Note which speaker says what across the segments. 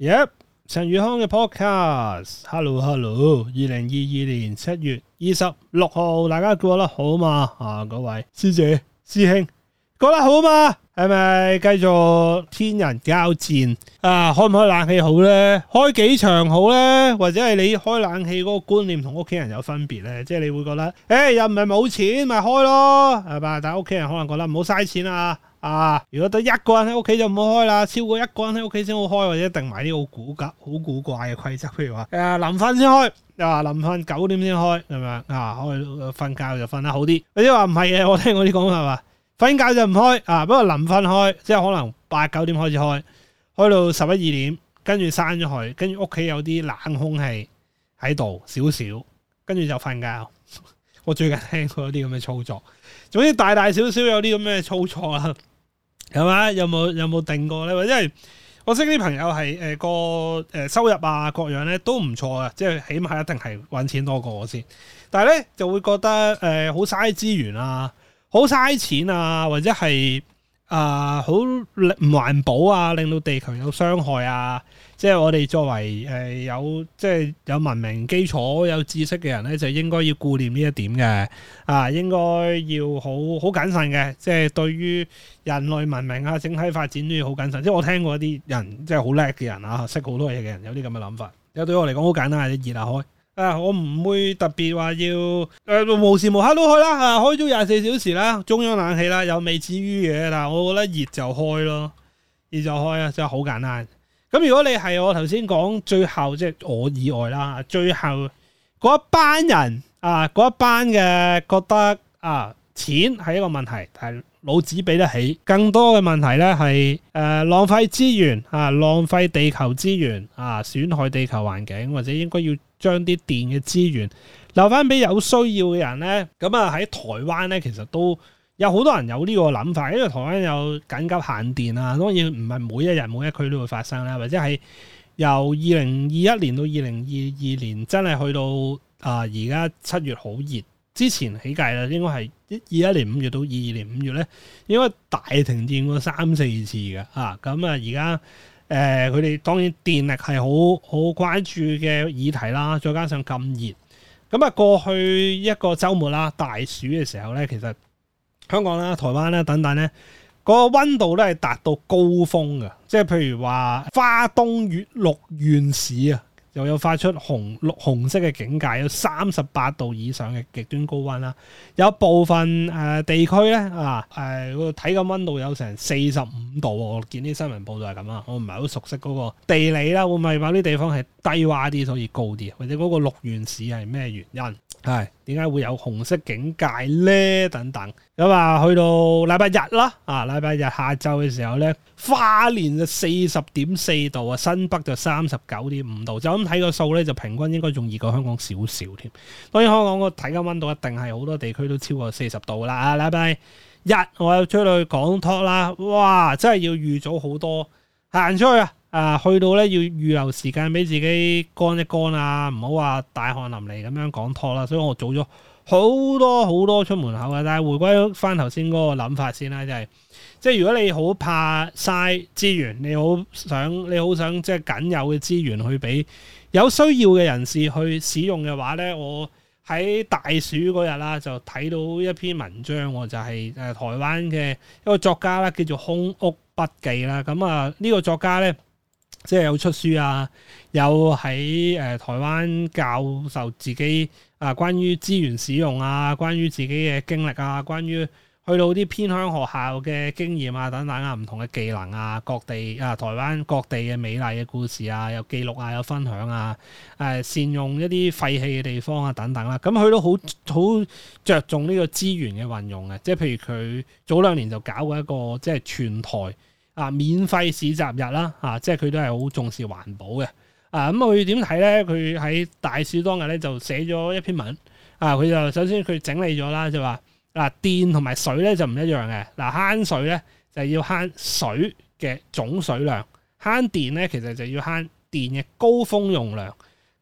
Speaker 1: Yep，陳宇康嘅 podcast，hello hello，二零二二年七月二十六號，大家過得好嘛？啊，各位師姐師兄。覺得好吖嘛？係咪繼續天人交戰啊？開唔開冷氣好咧？開幾場好咧？或者係你開冷氣嗰個觀念同屋企人有分別咧？即係你會覺得，誒、欸、又唔係冇錢咪開咯，係吧？但係屋企人可能覺得唔好嘥錢啊！啊，如果得一個人喺屋企就唔好開啦，超過一個人喺屋企先好開，或者定埋啲好古怪、好古怪嘅規則，譬如話誒臨瞓先開，又話臨瞓九點先開，係咪？啊開瞓、啊、覺就瞓得好啲。或者話唔係嘅，我聽我啲講係嘛？瞓覺就唔開啊，不過臨瞓開，即係可能八九點開始開，開到十一二點，跟住閂咗佢，跟住屋企有啲冷空氣喺度少少，跟住就瞓覺呵呵。我最近聽過啲咁嘅操作，總之大大小小有啲咁嘅操作啦，係嘛？有冇有冇定過咧？或者係我識啲朋友係誒個誒收入啊各樣咧都唔錯嘅，即係起碼一定係揾錢多過我先。但係咧就會覺得誒好嘥資源啊。好嘥錢啊，或者係啊好唔環保啊，令到地球有傷害啊！即係我哋作為誒、呃、有即係有文明基礎、有知識嘅人咧，就應該要顧念呢一點嘅啊，應該要好好謹慎嘅，即係對於人類文明啊整體發展都要好謹慎。即係我聽過一啲人即係好叻嘅人啊，識好多嘢嘅人有啲咁嘅諗法。因為對於我嚟講好簡單啊，你熱下開。啊！我唔會特別話要誒、呃，無時無刻都開啦。啊，開咗廿四小時啦，中央冷氣啦，又未至於嘅。但我覺得熱就開咯，熱就開啊，真係好簡單。咁如果你係我頭先講最後即係、就是、我以外啦，最後嗰一班人啊，嗰一班嘅覺得啊，錢係一個問題，但係老子俾得起。更多嘅問題咧係誒，浪費資源啊，浪費、啊、地球資源啊，損害地球環境，或者應該要。將啲電嘅資源留翻俾有需要嘅人呢。咁啊喺台灣呢，其實都有好多人有呢個諗法，因為台灣有緊急限電啊。當然唔係每一日每一區都會發生啦，或者係由二零二一年到二零二二年，真係去到啊而家七月好熱之前起計啦，應該係二一年五月到二二年五月呢，應該大停電過三四次嘅啊。咁啊，而家。誒佢哋當然電力係好好關注嘅議題啦，再加上咁熱，咁啊過去一個週末啦，大暑嘅時候呢，其實香港啦、台灣啦等等呢，嗰個溫度呢，係達到高峰嘅，即係譬如話花東與六縣市啊，又有發出紅六紅色嘅警戒，有三十八度以上嘅極端高溫啦，有部分誒、呃、地區呢，啊誒體感溫度有成四十。五度，我見啲新聞報道係咁啊！我唔係好熟悉嗰個地理啦，會唔會某啲地方係低洼啲所以高啲，或者嗰個六原市係咩原因？係，點解會有紅色警戒咧？等等，咁啊，去到禮拜日啦，啊，禮拜日下晝嘅時候咧，花蓮就四十點四度啊，新北就三十九點五度，就咁睇個數咧，就平均應該仲熱過香港少少添。當然香港個體溫溫度一定係好多地區都超過四十度啦。啊，禮拜日我有出去講 talk 啦，哇，真係要預早好多行出去啊！啊，去到咧要預留時間俾自己乾一乾啊，唔好話大汗淋漓咁樣講拖啦。所以我做咗好多好多出門口嘅，但係回歸翻頭先嗰個諗法先啦，就係、是、即係如果你好怕嘥資源，你好想你好想即係僅有嘅資源去俾有需要嘅人士去使用嘅話咧，我喺大暑嗰日啦就睇到一篇文章，我就係、是、誒台灣嘅一個作家啦，叫做《空屋筆記》啦、啊，咁啊呢個作家咧。即係有出書啊，有喺誒、呃、台灣教授自己啊、呃，關於資源使用啊，關於自己嘅經歷啊，關於去到啲偏鄉學校嘅經驗啊，等等啊，唔同嘅技能啊，各地啊台灣各地嘅美麗嘅故事啊，有記錄啊，有分享啊，誒、呃、善用一啲廢棄嘅地方啊，等等啦、啊，咁佢都好好著重呢個資源嘅運用嘅、啊，即係譬如佢早兩年就搞過一個即係全台。啊！免費市集日啦，啊，即係佢都係好重視環保嘅。啊，咁佢要點睇咧？佢喺大暑當日咧就寫咗一篇文。啊，佢就首先佢整理咗啦，就話嗱、啊、電同埋水咧就唔一樣嘅。嗱、啊，慳水咧就要慳水嘅總水量，慳電咧其實就要慳電嘅高峰用量。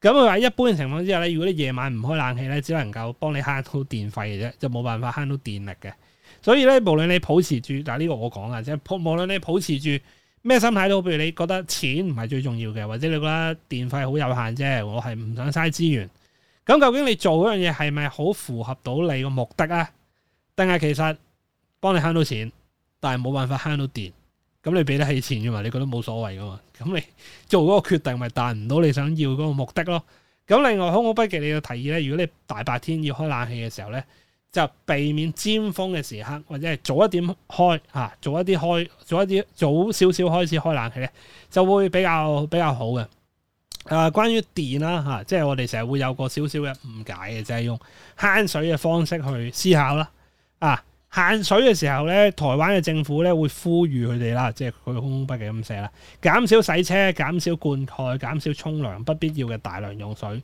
Speaker 1: 咁佢話一般嘅情況之下咧，如果你夜晚唔開冷氣咧，只能夠幫你慳到電費嘅啫，就冇辦法慳到電力嘅。所以咧，無論你保持住，嗱呢個我講啊，即係無論你保持住咩心態都好，譬如你覺得錢唔係最重要嘅，或者你覺得電費好有限啫，我係唔想嘥資源。咁究竟你做嗰樣嘢係咪好符合到你個目的啊？定係其實幫你慳到錢，但係冇辦法慳到電。咁你俾得起錢噶嘛？你覺得冇所謂噶嘛？咁你做嗰個決定咪達唔到你想要嗰個目的咯？咁另外，好不不忌你要提議咧，如果你大白天要開冷氣嘅時候咧，就避免尖峰嘅時刻，或者係早一點開嚇，早、啊、一啲開，早一啲早少少開始開冷氣咧，就會比較比較好嘅。誒、啊，關於電啦嚇、啊，即係我哋成日會有個少少嘅誤解嘅，就係、是、用慳水嘅方式去思考啦。啊，慳水嘅時候咧，台灣嘅政府咧會呼籲佢哋啦，即係佢空公筆嘅咁寫啦，減少洗車、減少灌溉、減少沖涼不必要嘅大量用水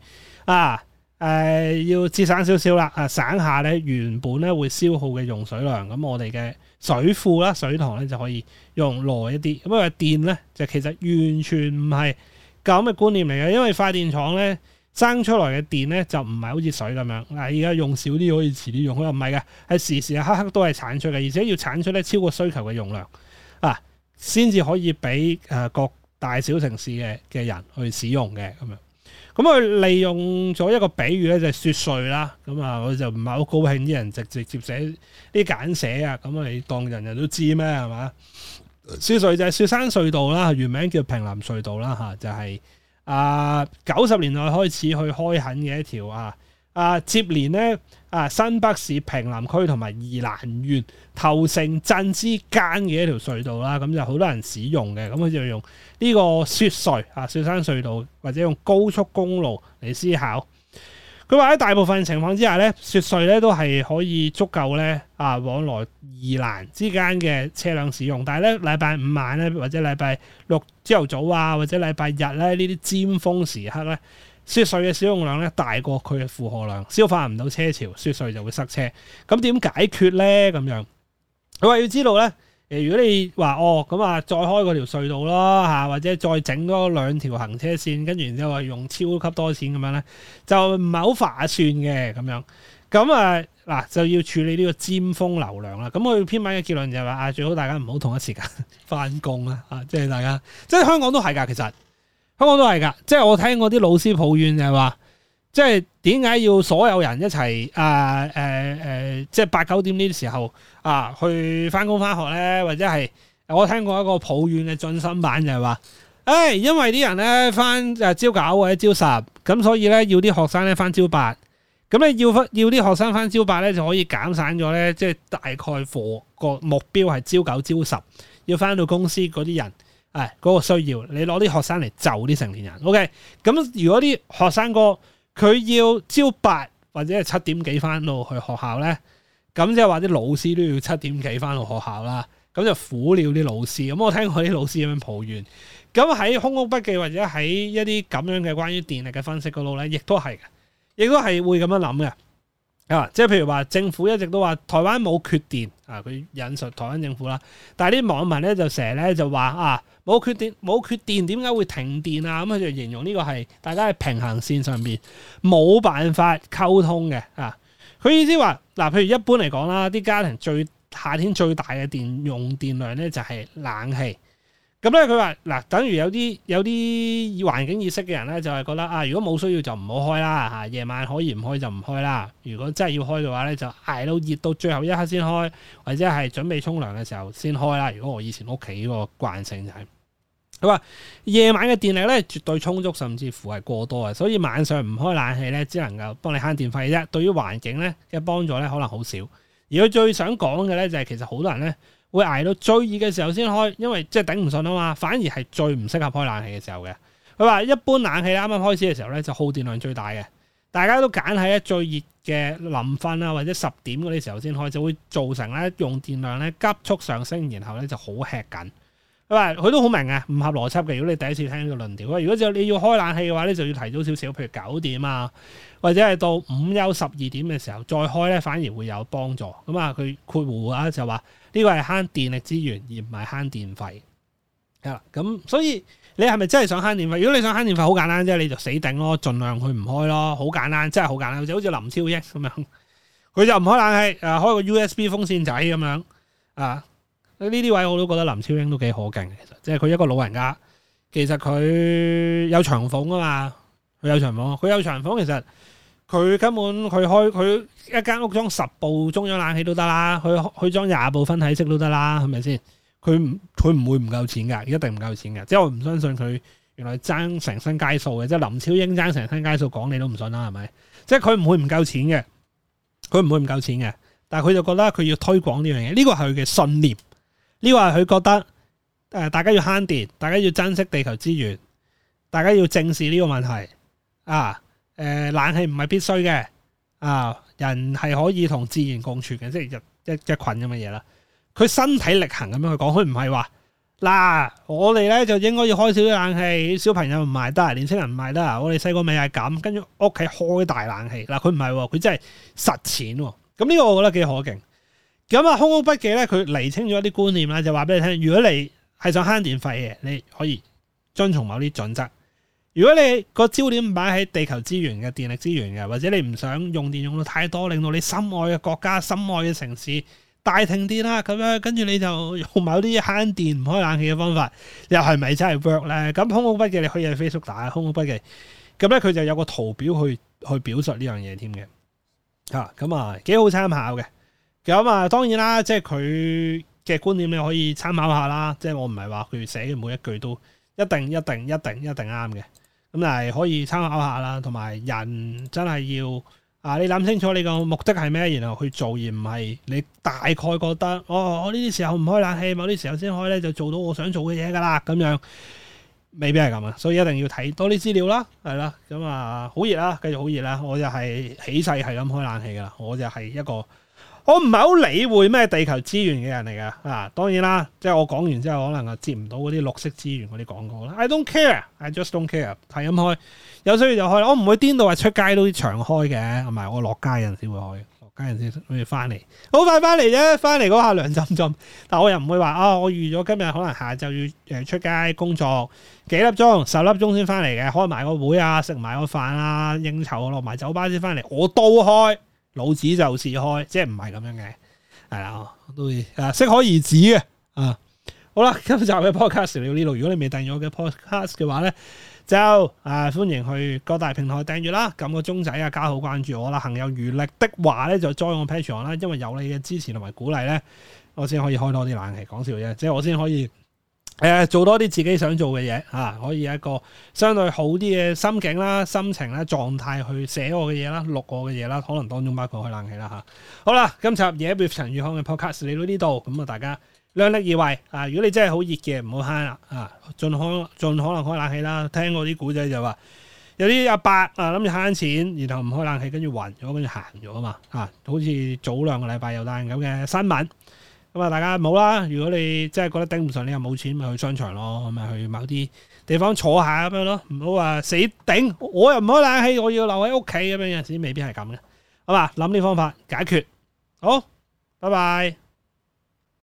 Speaker 1: 啊。誒、呃、要節省少少啦，啊，省下咧原本咧會消耗嘅用水量，咁我哋嘅水庫啦、水塘咧就可以用耐一啲。咁啊電咧就其實完全唔係咁嘅觀念嚟嘅，因為發電廠咧生出來嘅電咧就唔係好似水咁樣。嗱，而家用少啲可以遲啲用，佢唔係嘅，係時時刻刻都係產出嘅，而且要產出咧超過需求嘅用量啊，先至可以俾誒各大小城市嘅嘅人去使用嘅咁樣。咁佢利用咗一個比喻咧，就係雪隧啦。咁啊，我就唔係好高興啲人直直接寫啲簡寫啊。咁啊，你當人人都知咩係嘛？嗯、雪隧就係雪山隧道啦，原名叫平林隧道啦吓，就係啊九十年代開始去開墾嘅一條啊啊接連咧。啊，新北市坪林區同埋宜蘭縣頭城鎮之間嘅一條隧道啦，咁就好多人使用嘅，咁佢就用呢個雪隧啊，雪山隧道或者用高速公路嚟思考。佢話喺大部分情況之下雪隧呢雪隧呢都係可以足夠呢啊，往來宜蘭之間嘅車輛使用，但係呢禮拜五晚呢，或者禮拜六朝頭早啊或者禮拜日呢，呢啲尖峰時刻呢。雪隧嘅使用量咧，大過佢嘅負荷量，消化唔到車潮，雪隧就會塞車。咁點解決咧？咁樣佢話要知道咧，誒，如果你話哦咁啊，再開嗰條隧道啦吓，或者再整多兩條行車線，跟住然之後話用超級多錢咁樣咧，就唔係好划算嘅咁樣。咁啊嗱，就要處理呢個尖峰流量啦。咁我篇文嘅結論就係話啊，最好大家唔好同一時間翻工啦吓，即係大家即係香港都係噶，其實。香港都係噶，即係我聽過啲老師抱怨就係話，即係點解要所有人一齊誒誒誒，即係八九點呢啲時候啊去翻工翻學咧，或者係我聽過一個抱怨嘅晉升版就係話，誒、哎、因為啲人咧翻誒朝九或者朝十，咁所以咧要啲學生咧翻朝八，咁咧要翻要啲學生翻朝八咧就可以減散咗咧，即係大概課個目標係朝九朝十，要翻到公司嗰啲人。誒，嗰、哎那個需要你攞啲學生嚟就啲成年人，OK？咁如果啲學生哥佢要朝八或者係七點幾返到去學校咧，咁即係話啲老師都要七點幾返到學校啦，咁就苦了啲老師。咁我聽過啲老師咁樣抱怨。咁喺空屋筆記或者喺一啲咁樣嘅關於電力嘅分析嗰度咧，亦都係，亦都係會咁樣諗嘅。嗯、即係譬如話，政府一直都話台灣冇缺電啊，佢引述台灣政府啦。但係啲網民咧就成日咧就話啊，冇缺電冇缺電點解會停電啊？咁、嗯、佢就形容呢個係大家喺平行線上邊冇辦法溝通嘅啊！佢意思話，嗱、啊，譬如一般嚟講啦，啲家庭最夏天最大嘅電用電量咧就係冷氣。咁咧，佢話嗱，等於有啲有啲環境意識嘅人咧，就係、是、覺得啊，如果冇需要就唔好開啦，吓、啊、夜晚可以唔開就唔開啦。如果真係要開嘅話咧，就挨到熱到最後一刻先開，或者係準備沖涼嘅時候先開啦。如果我以前屋企嗰個慣性就係、是，佢話，夜晚嘅電力咧絕對充足，甚至乎係過多啊。所以晚上唔開冷氣咧，只能夠幫你慳電費啫。對於環境咧嘅幫助咧，可能好少。而佢最想講嘅咧，就係、是、其實好多人咧。會捱到最熱嘅時候先開，因為即係頂唔順啊嘛，反而係最唔適合開冷氣嘅時候嘅。佢話一般冷氣啱啱開始嘅時候呢，就耗電量最大嘅，大家都揀喺最熱嘅臨瞓啊或者十點嗰啲時候先開，就會造成呢用電量呢急速上升，然後呢就好吃緊。佢話：佢都好明嘅，唔合邏輯嘅。如果你第一次聽呢個論調，如果就你要開冷氣嘅話，你就要提早少少，譬如九點啊，或者係到午休十二點嘅時候再開咧，反而會有幫助。咁啊，佢括弧啊就話呢個係慳電力資源，而唔係慳電費。係啦，咁所以你係咪真係想慳電費？如果你想慳電費，好簡單，即係，你就死頂咯，儘量佢唔開咯，好簡單，真係好簡單。就好似林超英咁樣，佢 就唔開冷氣，誒、啊、開個 USB 風扇仔咁樣啊。呢啲位我都覺得林超英都幾可敬，其實即係佢一個老人家，其實佢有長俸啊嘛，佢有長俸，佢有長俸，其實佢根本佢開佢一間屋裝十部中央冷氣都得啦，佢佢裝廿部分體式都得啦，係咪先？佢唔佢唔會唔夠錢㗎，一定唔夠錢㗎。即係我唔相信佢原來爭成身街數嘅，即係林超英爭成身街數講你都唔信啦，係咪？即係佢唔會唔夠錢嘅，佢唔會唔夠錢嘅，但係佢就覺得佢要推廣呢樣嘢，呢個係佢嘅信念。呢話佢覺得誒、呃，大家要慳電，大家要珍惜地球資源，大家要正視呢個問題啊！誒、呃，冷氣唔係必須嘅啊，人係可以同自然共處嘅，即係一一一群咁嘅嘢啦。佢身體力行咁樣去講，佢唔係話嗱，我哋咧就應該要開少啲冷氣，小朋友唔埋得，年輕人唔埋得，我哋細個咪係咁，跟住屋企開大冷氣嗱，佢唔係，佢、哦、真係實踐咁呢個，我覺得幾可敬。咁啊，空《空屋筆記》咧，佢釐清咗一啲觀念啦，就話俾你聽。如果你係想慳電費嘅，你可以遵從某啲準則。如果你個焦點擺喺地球資源嘅電力資源嘅，或者你唔想用電用到太多，令到你心愛嘅國家、心愛嘅城市大停電啦，咁樣跟住你就用某啲慳電唔開冷氣嘅方法，又係咪真係 work 咧？咁《空屋筆記》你可以喺 Facebook 打下《空屋筆記》，咁咧佢就有個圖表去去表述呢樣嘢添嘅。嚇，咁啊幾好參考嘅。咁啊，當然啦，即係佢嘅觀點你可以參考下啦。即係我唔係話佢寫嘅每一句都一定、一定、一定、一定啱嘅。咁但係可以參考下啦。同埋人真係要啊，你諗清楚你個目的係咩，然後去做，而唔係你大概覺得哦，哦，我呢啲時候唔開冷氣，某啲時候先開咧，就做到我想做嘅嘢噶啦。咁樣未必係咁啊。所以一定要睇多啲資料啦。係啦，咁啊，好熱啦，繼續好熱啦。我就係起勢係咁開冷氣噶啦。我就係一個。我唔係好理會咩地球資源嘅人嚟噶，啊當然啦，即係我講完之後可能接唔到嗰啲綠色資源嗰啲廣告啦。I don't care, I just don't care，係咁、mm hmm. 開，有需要就開。我唔會顛到話出街都長開嘅。同埋我落街陣時會開，落街陣時會翻嚟，好快翻嚟啫。翻嚟嗰下涼浸浸，但我又唔會話啊，我預咗今日可能下晝要誒出街工作幾粒鐘、十粒鐘先翻嚟嘅，開埋個會啊，食埋個飯啊，應酬落埋酒吧先翻嚟，我都開。老子就是開，即係唔係咁樣嘅，係啦，都會啊適可而止嘅。啊，啊好啦，今集嘅 podcast 就到呢度，如果你未訂閱我嘅 podcast 嘅話咧，就啊歡迎去各大平台訂閱啦，撳個鐘仔啊，加好關注我啦，行有餘力的話咧就 join 我 Patreon 啦，因為有你嘅支持同埋鼓勵咧，我先可以開多啲冷氣，講笑啫，即係我先可以。誒，做多啲自己想做嘅嘢吓，可以一個相對好啲嘅心境啦、心情啦、狀態去寫我嘅嘢啦、錄我嘅嘢啦，可能當中包括開冷氣啦吓。好啦，今集嘢 with 陳宇康嘅 podcast 嚟到呢度，咁啊，大家量力而為啊，如果你真係好熱嘅，唔好慳啦啊，盡可盡可能開冷氣啦。聽過啲古仔就話，有啲阿伯啊諗住慳錢，然後唔開冷氣，跟住暈咗，跟住行咗啊嘛吓，好似早兩個禮拜有單咁嘅新聞。咁啊，大家冇啦。如果你真係覺得頂唔順，你又冇錢，咪去商場咯，咁咪去某啲地方坐下咁樣咯。唔好話死頂，我又唔開冷氣，我要留喺屋企咁樣，有陣時未必係咁嘅。好嘛，諗啲方法解決。好，拜拜。